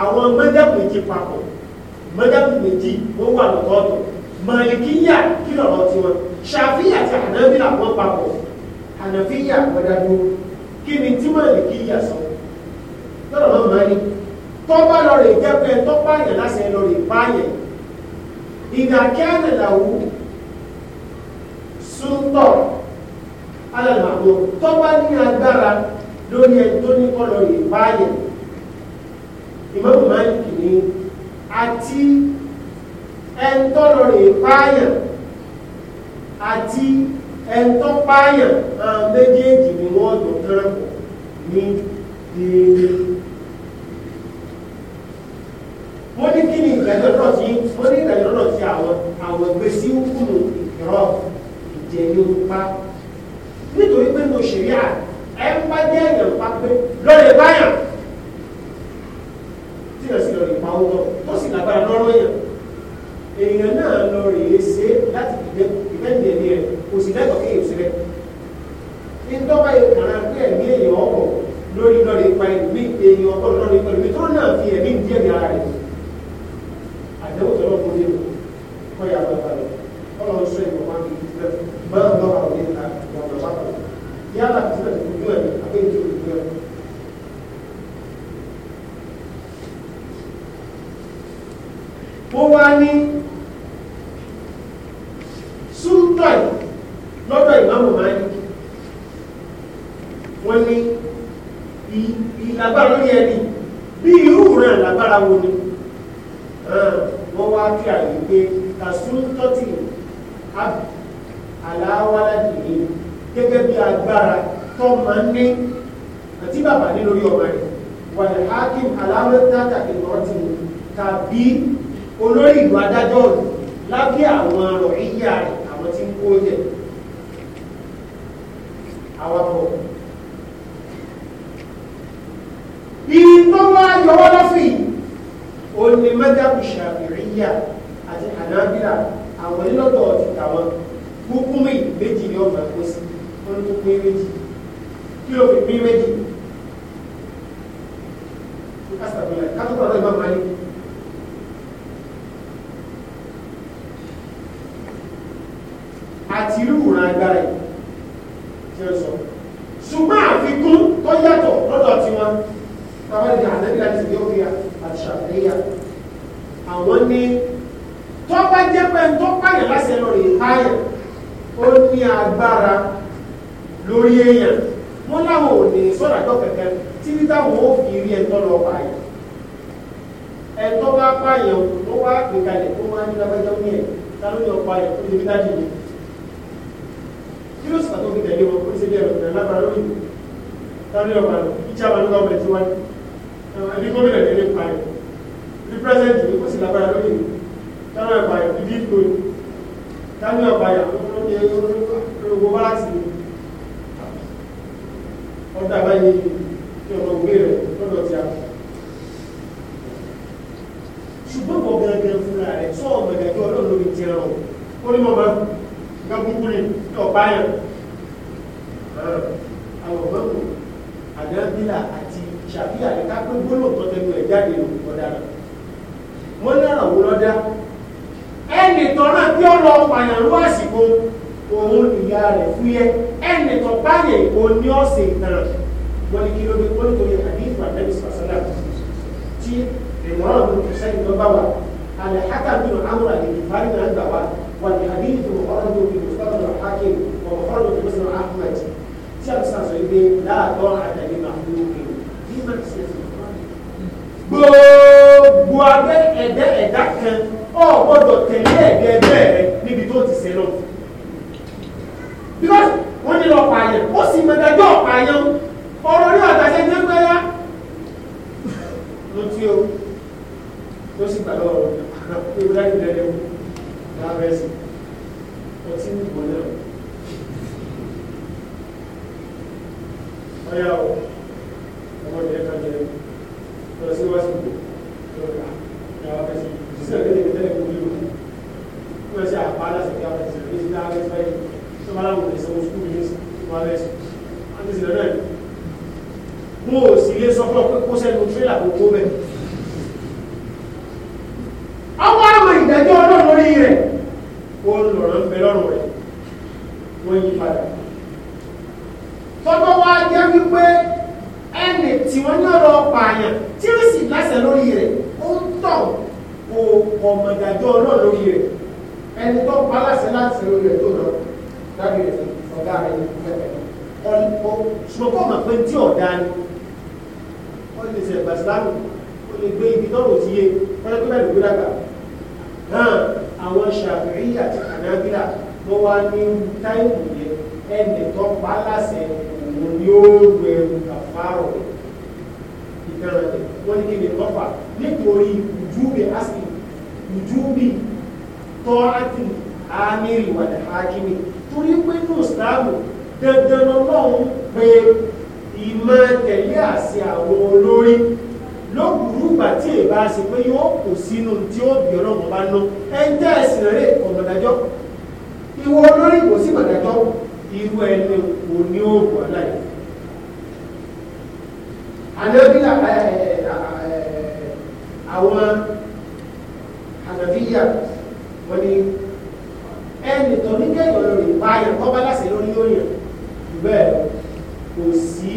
àwọn mẹ́dàkùn méjì papọ̀ mẹ́dàkùn méjì wọ́n wà lọ́tọ̀ọ̀tọ̀ màlìkíyà kí lọ̀rọ̀ ti wọn ṣàfíyà àti ànábìlà wọn papọ̀ ànàfíyà wọ́dájú kí ni tí màlìkíyà sọ lọ́rọ̀ náà máa ní tọ́ba lọ́rẹ̀ jẹ́pẹ́ tọ́pa yẹn lásẹ̀ lọ́rẹ̀ páyẹ̀ ìdàkẹ́rẹ̀ làwù súntọ̀ alàlàbò tọ́ba ní agbára lórí ẹni tó ní kọ́ lọ́rẹ̀ páyẹ̀ ìmọ̀ọ́mọ̀ máa ń kì àti ẹ̀ńtọ́lọ rè pààyàn àti ẹ̀ńtọ́ pààyàn àwọn méjèèjì ni wọ́n jọ kán pọ̀ ní déédéé. wọ́n ní kí ni ìdájọ́ náà sí wọ́n ní ìdájọ́ náà sí àwọn àwọn ẹgbẹ́ sí kùnú ìrọ̀ ìjẹni olùpa nítorí pé mo ṣèrí à ẹ ń bá jẹ́ èèyàn pa pé lọ́lẹ̀ báyàn tí wọ́n sì lọ́lẹ̀ pa owó lọ tó sì lágbára lọ́rọ̀ èèyàn èèyàn náà lọ rèé ṣe láti ìgbẹ́ǹdì ẹ̀mí rẹ̀ kò sì lẹ́tọ̀ọ́ kí èèyàn sílẹ̀ ìtọ́ba ìkàrà pé ẹ̀mí èèyàn ọkọ̀ lórí lọ́ọ̀rẹ́ ipa ìlúmí èèyàn ọkọ̀ lọ́ọ̀rẹ́ ipa ìlúmí tó náà fi ẹ̀mí díẹ̀ ní ara rẹ̀ àdéhùn tó lọ́kùn lé kọ́ ya bàbá lọ ọlọ́run sọ ìwọ̀n máa ń fi ìfẹ́ máa ń lọ́ra òní ìta ìwọ̀n bàbá lọ yálà ìfẹ́ ìfojú ẹ̀ àbẹ́ ìjọ ìfojú ẹ̀ wọ́n wá ní níjọ́ ẹ̀ lọ́dọ̀ ìmáàmù Málíkì wọ́n ní ìlágbára lórí ẹni bí irú rẹ̀ lágbára wo ni wọ́n wá kí àyè pé tàṣúntọ́tì aláwáládì ní gẹ́gẹ́ bí agbára tó máa ń ní àti bàbá ní lórí ọmọ rẹ̀ wàlẹ̀ hakim aláwẹ́tàtà ìrọ̀tì tàbí olórí ìlú adájọ́ lábẹ́ àwọn ọ̀rọ̀ yíyá rẹ̀ oúnjẹ àwàpọ̀ ìtọ́wọ́ ayọ̀wọ́ lọ́fì òní mẹ́tàbù ṣàbìríyà àti ànábìlà àwọn nílọ́tọ̀ ti tàwọn gúgúmì méjì ni ọmọ ẹ̀kọ́ sí wọ́n tó pín méjì kí ló fi pín méjì kásìtàbílẹ̀ kátó àti ríwùrán agbára ẹ̀ tí ó sọ ṣùgbọ́n àfikún tó yàtọ̀ lọ́dọ̀ tí wọn tàbí ànábìlá ti di òkè àti ṣàfihàn àwọn ní tó bá jẹ́ pé tó pààyàn láṣẹ lọ rè páyàn ó ní agbára lórí èèyàn wọn láwọn ò ní sọ́dà tó kẹ̀kẹ́ títí táwọn ó fi rí ẹ̀tọ́ lọ pààyàn ẹ̀tọ́ bá pààyàn tó wá gbé kalẹ̀ tó wá ní lábẹ́jọ́ ní ẹ̀ tá ló yọ pààyàn tó débi dájú ni ló sì pàtó fi tẹ̀lé wọn orí sílé ẹ̀rọ ìrìn lágbára lórí ìlú tàbí ọba ìjà wà lóko ọmọ ìtiwájú ẹni gómìnà ìdílé parẹ ní pírẹsẹ̀ntì ní kò sí lágbára lórí ìlú tàbí ọba ìdí ìgbò tàbí ọba ìyàwó wá láti ọdọ àbáyé ní ọ̀nà òwe rẹ̀ lọ́dọ̀ tí a kọ̀ ṣùgbọ́n bọ̀ gẹ́gẹ́ fúnra rẹ̀ tó ọ̀gbẹ̀gẹ̀ tó ọlọ́run ló fi jẹun ó ní mọ̀ máa ọ̀páyọ̀ àwọ̀mọ́kù ànábílà àti ṣàbíyà ní kápẹ́ gbólóòtọ́ tẹnu ẹ̀ jáde lò ọ̀daràn wọ́n ní àwòrán dá ẹnì tán náà bí ọ̀rọ̀ pààyàn ló àsìkò òun ìyá rẹ̀ fúyẹ́ ẹnì tán báyẹ̀ òun ní ọ̀sẹ̀ ìtàn wọ́n ní kí ló dé wọ́n nítorí àdéhùn àtẹ́bí sàṣẹ́lá tí ìmọ̀ràn ló kù sẹ́yìn lọ́gbà wa àlẹ́ hákàbí ọ̀hánwó àlè ìfárí náà gbà wa wà ní àdéhùn ọ̀rọ̀ الحاكم ومخرج مسلم احمد شاب ساسويدي لا طاعه لمخلوق في معصيه gbogbo abẹ ẹdẹ ẹ̀dá kan ọ gbọ́dọ̀ tẹ̀lé ẹdẹ ẹgbẹ́ rẹ níbi tó ti ṣẹlọ because wọn nílò ọ̀pọ̀ àyàn ó sì mọ dájọ ọ̀pọ̀ àyàn ọ̀rọ̀ ní àtàṣe ní ẹgbẹ́ yá ló tí o ó sì gbàgbọ́ ọ̀rọ̀ ìwúrẹ ìlẹlẹ wò lábẹ ẹsẹ ọtí nìbọn náà. ọyá ọ ọmọ ìyẹn kan jẹ lọ sí wáṣí ìbò lọ rà ní àwọn afẹsí ìṣiṣẹ́ ìdílé ìdílé ìlú ìlú wọn ṣe àpá láti fi àwọn ìṣẹ̀lẹ̀ ìṣẹ̀lẹ̀ àwọn ìṣẹ̀lẹ̀ tó máa ń wò ìṣẹ̀wò sukùl ní wọn lẹ àti ìṣẹ̀lẹ̀ náà mo ò sì lè sọ fún ọ pé kó sẹ́nu tírélà kó kó bẹ́ẹ̀. ọwọ́ àwọn ìdájọ́ ọlọ́run orí rẹ̀ wọ́n lọ̀rọ̀ ń bẹ lọ́rùn rẹ̀ wọ́n yí padà tọ́tọ́ wá jẹ́ wípé ẹnì tí wọ́n ní ọ̀rọ̀ pààyàn tí ó sì lásẹ̀ lórí rẹ̀ ó ń tọ̀ kò ọ̀mọ̀dájọ́ náà lórí rẹ̀ ẹni tó pa láṣẹ láti lórí rẹ̀ tó lọ dábì rẹ̀ fún ọ̀gá rẹ̀ ní pẹ̀pẹ̀ ọ̀lùkọ́ ṣùgbọ́n kọ́ mọ̀ pé tí ọ̀dá ni wọ́n lè ṣe ẹ̀gbà sílámù ó lè gbé ibi tọ́rọ̀ sí iye wọ́n lè gbé bẹ́ẹ̀ náà àwọn ṣàfihàn àti ànábìlà ló ní táìmù ẹni tó pa láṣẹ òun ni ó lu ẹrù kàfárọ̀ ìdára rẹ̀ wọ́n ní kí ni lọ́fà nítorí ìjúbe asìn ìjúbe tọ́ àti àmìrì wà ní hákìmì torí pé ní ìsìláàmù dandan ọlọ́run pé ìmọ̀ tẹ̀lé àṣẹ àwọn olórí lókùrú ìgbà tí èbá ṣe pé yóò kò sínú tí ó bí ọlọ́run bá ná ẹjẹ́ ẹ̀sìn rẹ̀ ọ̀nà ìdájọ́ ìwọ olórí kò sí màdájọ́ irú ẹni kò ní oògùn aláì àlẹ́bí àwọn ànàbíyà wọ́n ni ẹni tó ní kẹ́yọ̀ lórí báyàn tọ́bá láti lórí lórí ẹ̀ bẹ́ẹ̀ kò sí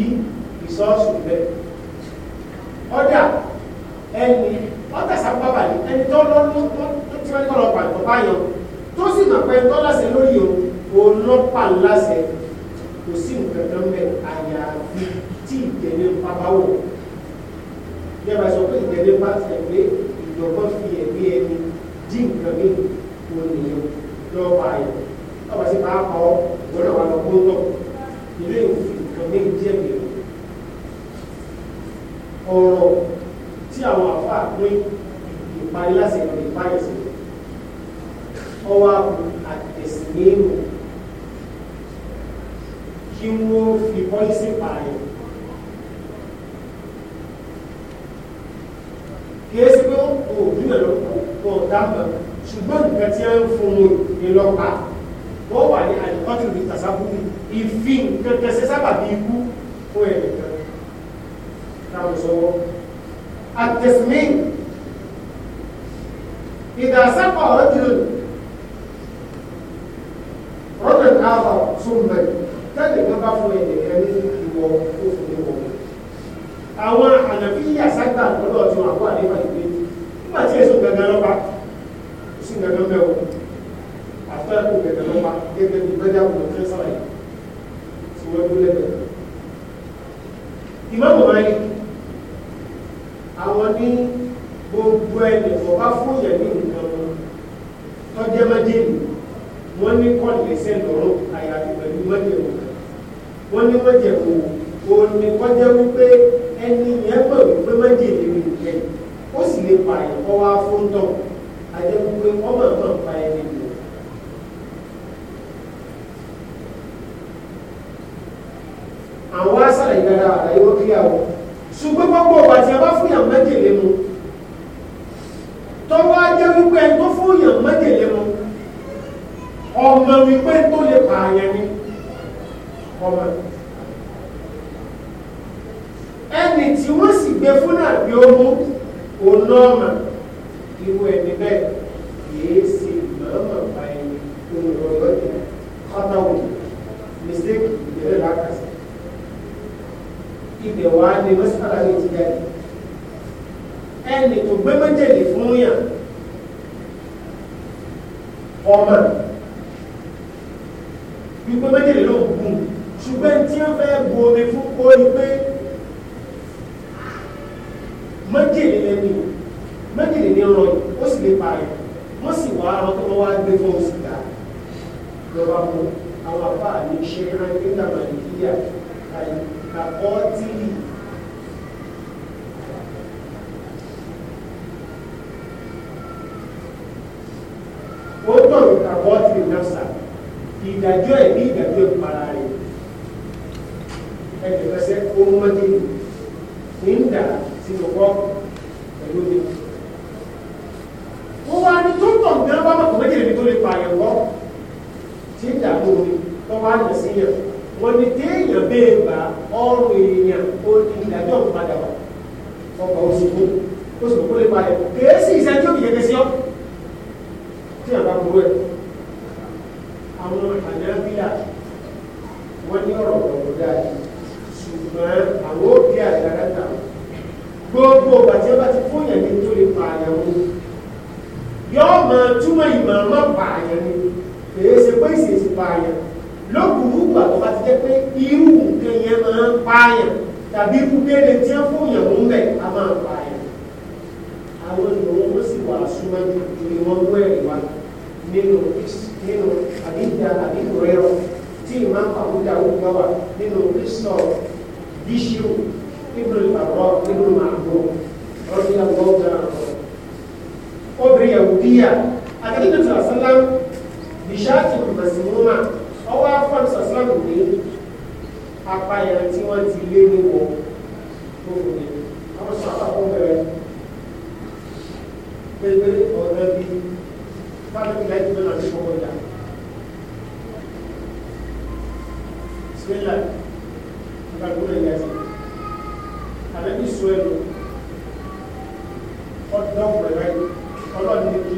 ìsọ́ọ̀sù bẹ́ẹ̀ ọ̀dà ẹni ọ̀tàsápábà ní ẹni tó lọ́nà tó ti wọ́n ní kọ́lọ́pàá tó báyàn tó sì mọ̀ pé tọ́lá sí lórí o olọ́pà ńláṣẹ kò sí nǹkan kan bẹ àyàfi tí ìjẹlẹ ńpa bá wọ bí a bá sọ pé ìjẹlẹ ńpa ṣe pé ìjọba fi ẹ̀mí ẹni dí nǹkan mi kò nìyẹn lọ́wọ́ ayọ̀ lọ́wọ́ sí máa kọ́ gbọ́dọ̀ wà lọ gbọ́dọ̀ ilé òfin nǹkan díẹ̀ mi ọ̀rọ̀ tí àwọn àfáà pín ìparí láṣẹ ìparí sí ọwọ́ àtẹ̀sí ní ìmọ̀ kí wọ́n fi pọ́lísì pààyàn kìí sí pé ó dínà lọ́pọ̀ dáàbà ṣùgbọ́n nǹkan tí a ń fún ìlọ́pàá wọ́n wà ní àdìkọ́tì rí tàṣàbùrù ìfi nǹkan kẹsẹ sábà bí ikú fún ẹ̀ẹ̀kan táwọn sọwọ́ àtẹ̀sìmí ìdàsápà ọ̀rọ̀ jùlọ rọ́dùn káfà tún mẹ́rin tẹ́lẹ̀ kan bá fún ẹ̀yẹ̀ kan ní ìwọ òfin wọn àwọn ànàbí àságbà lọ́dọ̀ tí wọn àwọn àdébà ìgbé nígbà tí èso gangan lọ́pa sí gangan mẹ́wọ́ àfẹ́kù gangan lọ́pa gẹ́gẹ́ bí bẹ́jà wọn fẹ́ sára yìí tí wọ́n dúró lẹ́gbẹ̀ẹ́ ìmọ̀ mọ̀ ní àwọn ní gbogbo ẹni ọ̀bá fún ìyẹ̀ ní ìlú lọ́wọ́ mú àwọn àbá mi ṣe rántí nàmà nàìjíríà ka ọ́tìlì ó tàn ka ọ́tìlì nàfsà ìdájọ́ ẹ̀ ní ìdájọ́ ìpara rẹ̀ ẹ̀ẹ́dẹ̀gbẹ́sẹ̀ ó mọ́tò nígbà tí mo kọ́ pẹ̀lú mi. wọ́n wá ní tó tàn gan bá mọ̀ kò méjèèjì tó lè pààyàn kọ́ fáànà síyàn wọ́n ní téèyàn bẹ́ẹ̀ bá ọrùn èèyàn ó ní ìdájọ́ ìpadà wà ọkọ̀ òsìkú ó sì kó lè parẹ́ kèésì ìṣẹ́jú òkè kẹsí ọ́ tí àbá burú ẹ̀ àwọn ànábíà wọ́n ní ọ̀rọ̀ ọ̀rọ̀ dáa ṣùgbọ́n àwọn òbí àdára náà gbogbo ọgbà tí wọ́n bá ti fún yẹn ní tó lè pààyàn wọn yọ́ọ̀ máa túmọ̀ ìmọ̀ ọmọ pààyàn ni kèé ṣe pé ìṣèṣì pààyàn lókùrúgbà tó bá ti jẹ́ pé irú nǹkan yẹn máa ń pààyàn tàbí irú béèrè tí wọ́n fún yàn ń bẹ̀ a máa pààyàn àwọn ìlòwọ́n wọ́n sì wà súnmọ́jú torí wọ́n mú ẹ̀rí wa nínú nínú àbíjà àbíkùrẹ́rọ tí ìmáà àbújá òkúta wà nínú kristo bíṣíù ibùdó ìbàbọ̀ ibùdó màgbọ́ rọ́bí àgbọ̀ gan obìnrin yahudíyà àti nígbà tí wàá sálá bíṣáàtì màsíwọ́mà ọwọ́ afọ́nù sọ̀sọ́nù pé apáyà tí wọ́n ti lé ní wọ gbogbo ní àwọn sọ́kà fún bẹ̀rẹ̀ pépé ọ̀rẹ́ bí fáwọn ìlà ìgbẹ́ náà ti kọ́kọ́ dà sílẹ̀ ìgbàgbọ́ rẹ̀ yẹn ti àlẹ́ bí sọ ẹ̀rọ ọdún ọ̀pọ̀ ní kí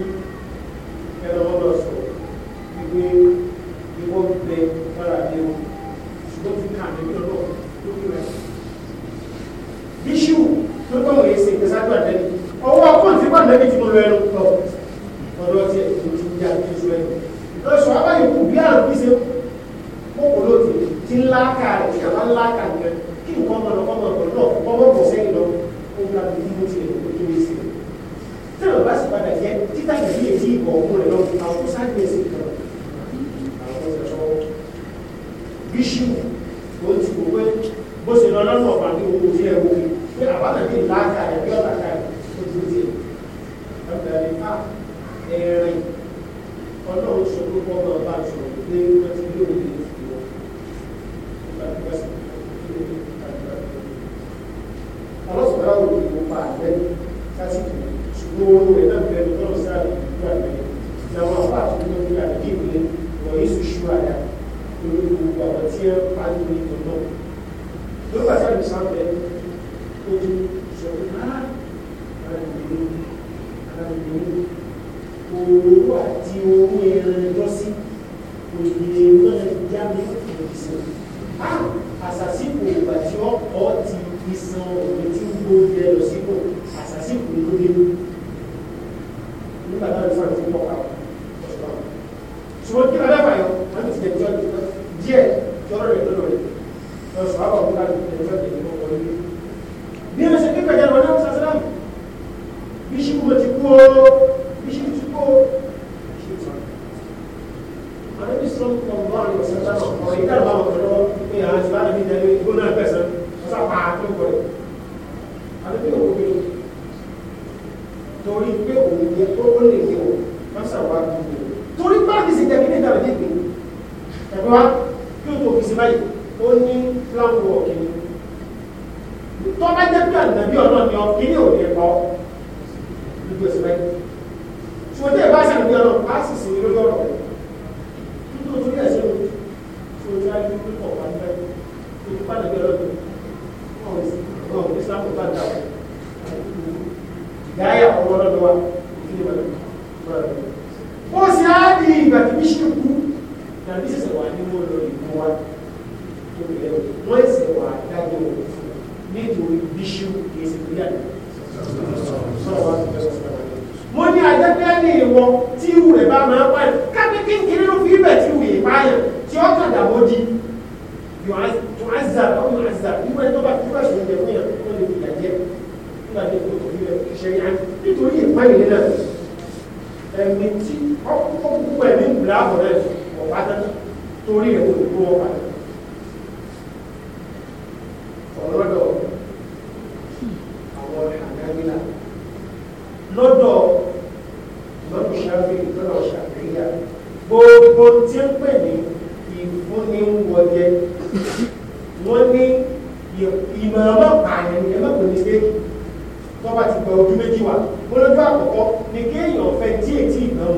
tó bá ti gba ojú méjì wá olójú àkọ́kọ́ ni kéèyàn fẹ́ tí ètí ìgbọ́n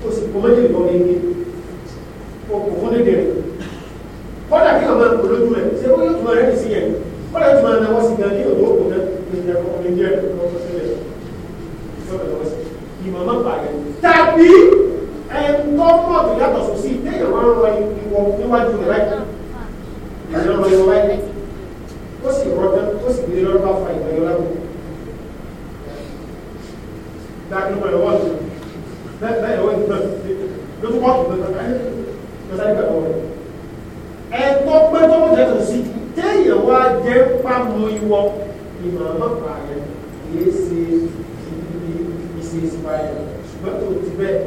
mu o sì kò méjì lọ ní o kò fún lédè rẹ̀ kọ́dà kí ọmọ olójú rẹ̀ ṣe ó yóò tún rẹ̀ sí yẹn kọ́dà tún máa náwó sí gan ní òdò òkú náà ní ìjà kọ́kọ́ ní díẹ̀ lọ́kọ́ sílẹ̀ ìmọ̀ máa bà yẹn tàbí ẹ̀ńtọ́ mọ̀ tó yàtọ̀ sósì téèyàn máa ń rọ ìwọ níwájú rẹ̀ láì ìjọba ìwọ kóòtù lọ́dọ̀ lọ́sàgbà ọ̀rọ̀ ẹ̀kọ́ pé tó ń jẹ́sọ̀ sí téèyàn wá jẹ́ pàmò ìwọ ìmọ̀ ọlọ́pàá rẹ̀ kìí ṣe ìṣe ìṣìpáyà ṣùgbọ́n tó ti bẹ́ẹ̀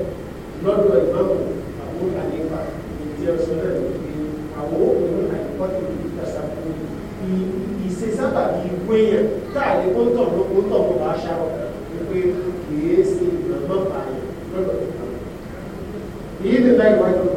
lọ́dọ̀ ìmọ̀mù àwọn àlefa ìdí ọ̀sán náà ló fi àwọn òkùnrin àìkọ́ tó ń dàṣà fún mi ìṣe sábà bí wéyàn táàlé kóńtọ̀ like my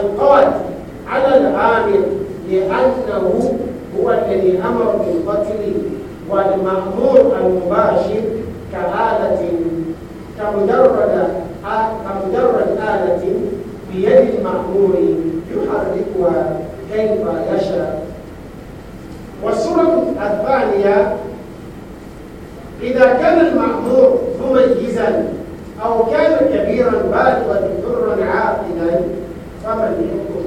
القاتل على العامل لأنه هو الذي أمر بالقتل والمأمور المباشر كآلة كمجرد كمجرد آلة بيد المأمور يحركها كيف يشاء والصورة الثانية إذا كان المأمور مميزا أو كان كبيرا بالغا ذرا عاقلا فمن يحكم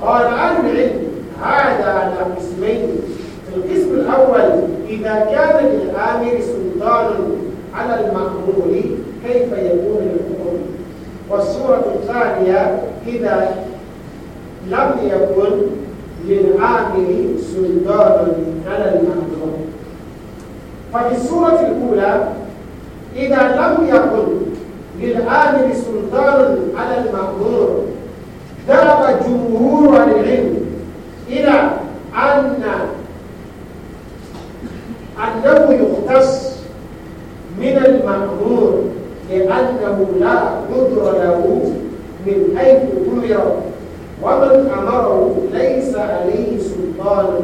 قال اهل العلم هذا على قسمين القسم الاول اذا كان للامر سلطان على المامور كيف يكون الحكم والصوره الثانيه اذا لم يكن للامر سلطان على المامور ففي الصوره الاولى اذا لم يكن للآمر سلطان على المأمور ذهب جمهور العلم إلى أن أنه يختص من المأمور لأنه لا قدر له من حيث أمر ومن أمره ليس عليه سلطان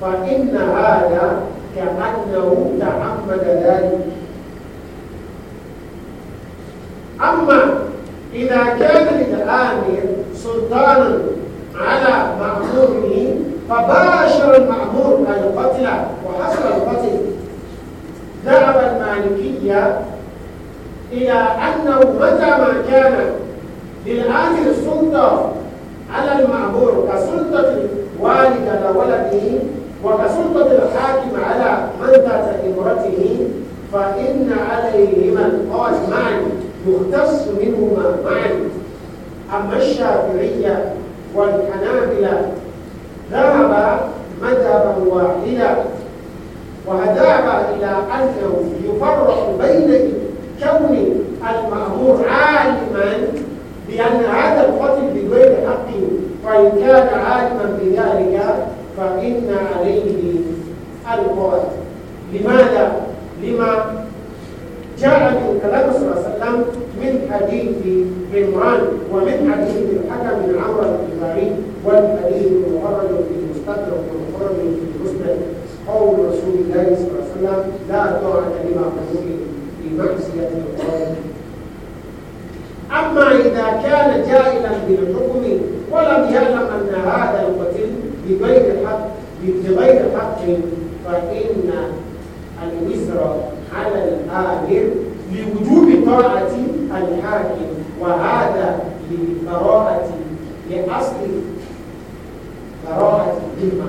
فإن هذا كأنه تعمد ذلك أما إذا كان للآمر سلطان على مأموره فباشر المعمور أن يقتل وحصل القتل ذهب المالكية إلى أنه متى ما كان للآمر السلطة على المعمور كسلطة الوالد على ولده وكسلطة الحاكم على من ذات إمرته فإن عليهما القول معنى يختص منهما معا أما الشافعية والحنابلة ذهب مذهبا واحدا وذهب إلى أنه يفرق بين كون المأمور عالما بأن هذا القتل بغير حق فإن كان عالما بذلك فإن عليه القتل لماذا؟ لما جاء من كلام صلى الله عليه وسلم من حديث عمران ومن حديث الحكم بن عمر البخاري والحديث المخرج في المستدرك والمخرج في المسند قول رسول الله صلى الله عليه وسلم لا طاعة لما قبول في معصية القرآن أما إذا كان جائلا بالحكم ولم يعلم أن هذا القتل بغير حق بغير حق فإن الوزر على الآمر لوجوب طاعة الحاكم وهذا لبراءة لأصل براءة الذمة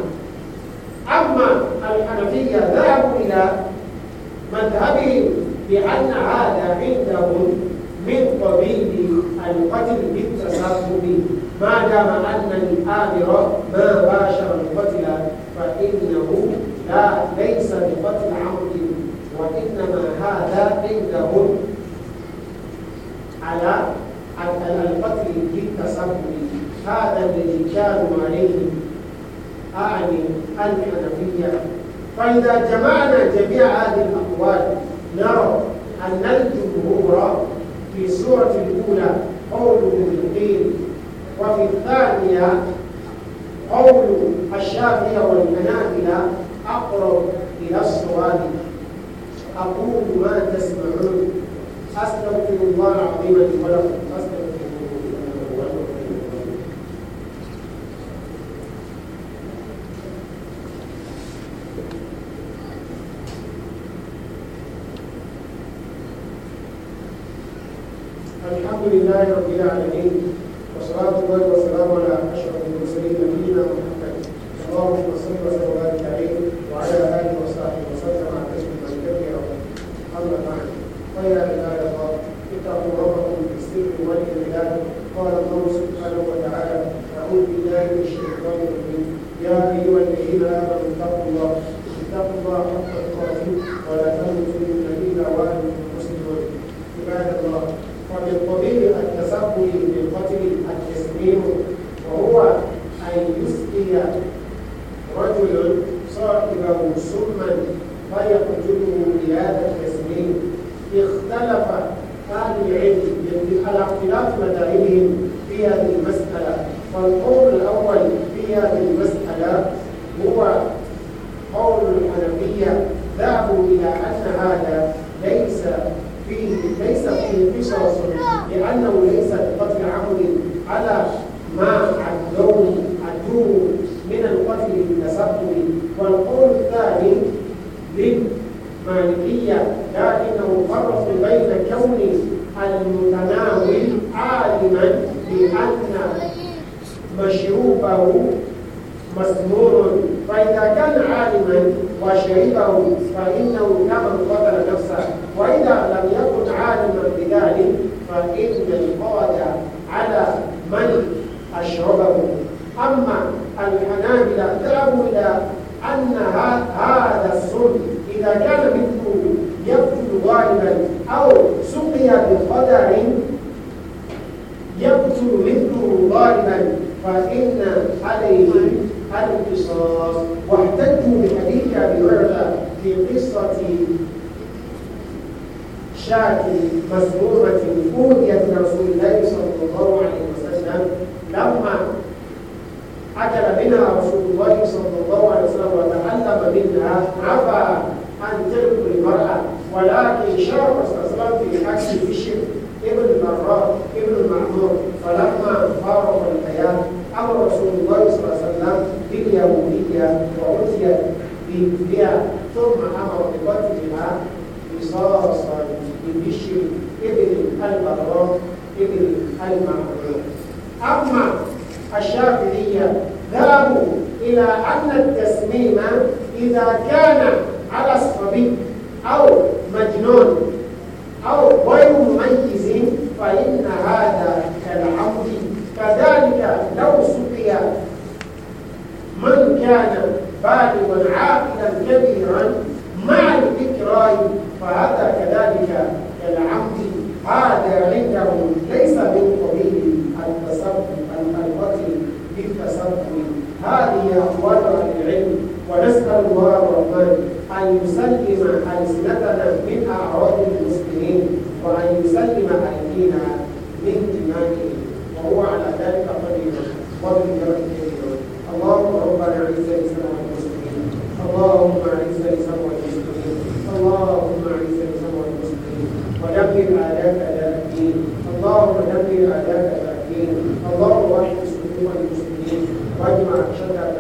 أما الحنفية ذهبوا إلى مذهبهم بأن هذا عندهم من قبيل القتل بالتسبب ما دام أن الآمر ما باشر القتل فإنه لا ليس بقتل عمرو وإنما هذا عندهم على القتل بالتسبب هذا الذي كانوا عليه أعني الحنفية فإذا جمعنا جميع هذه الأقوال نرى أن الجمهور في السورة الأولى قول القيل وفي الثانية قول الشافعية والمناهلة أقرب إلى الصواب أقول ما تسمعون أستغفر الله العظيم لي ولكم الحمد لله رب العالمين مالكية لكنه فرق بين كون المتناول عالما بأن مشروبه مسمور فإذا كان عالما وشربه فإنه كمن قتل نفسه وإذا لم يكن عالما بذلك فإن القادة على من أشربه أما الحنابلة ذهبوا إلى أن هذا السن إذا كان مثله يقتل غالبا أو سقي بخدع يقتل مثله غالبا فإن عليه القصاص واحتجوا بحديث أبي هريرة في قصة شاة مسمومة أوديت رسول الله صلى الله عليه وسلم لما أكل منها رسول الله صلى الله عليه وسلم وتعلم منها عفا أن تلك المرأة ولكن شعر استسلام في عكس ابن المراء ابن المعمور فلما فارق الحياة أمر رسول الله صلى الله عليه وسلم باليهودية وأتي بها ثم أمر بقتلها قصاصا ببشر ابن البراء ابن المعمور أما الشافعية ذهبوا إلى أن التسميم إذا كان على الصبي أو مجنون أو غير مميز فإن هذا كالعمد كذلك لو سقي من كان بالغا عاقلا كبيرا مع الذكرى فهذا كذلك كالعمد هذا عندهم ليس من قبيل التصرف القتل بالتصرف هذه أقوال العلم ونسأل الله أن يسلم ألسنتنا من أعراض المسلمين وأن يسلم أيدينا من دمائهم وهو على ذلك قدير وبالجرد كثير اللهم ربنا أعز الإسلام والمسلمين اللهم أعز الإسلام والمسلمين اللهم أعز الإسلام والمسلمين ودمر آلاك أداء الدين اللهم دمر آلاك أداء الدين اللهم وحد صدور المسلمين واجمع شتى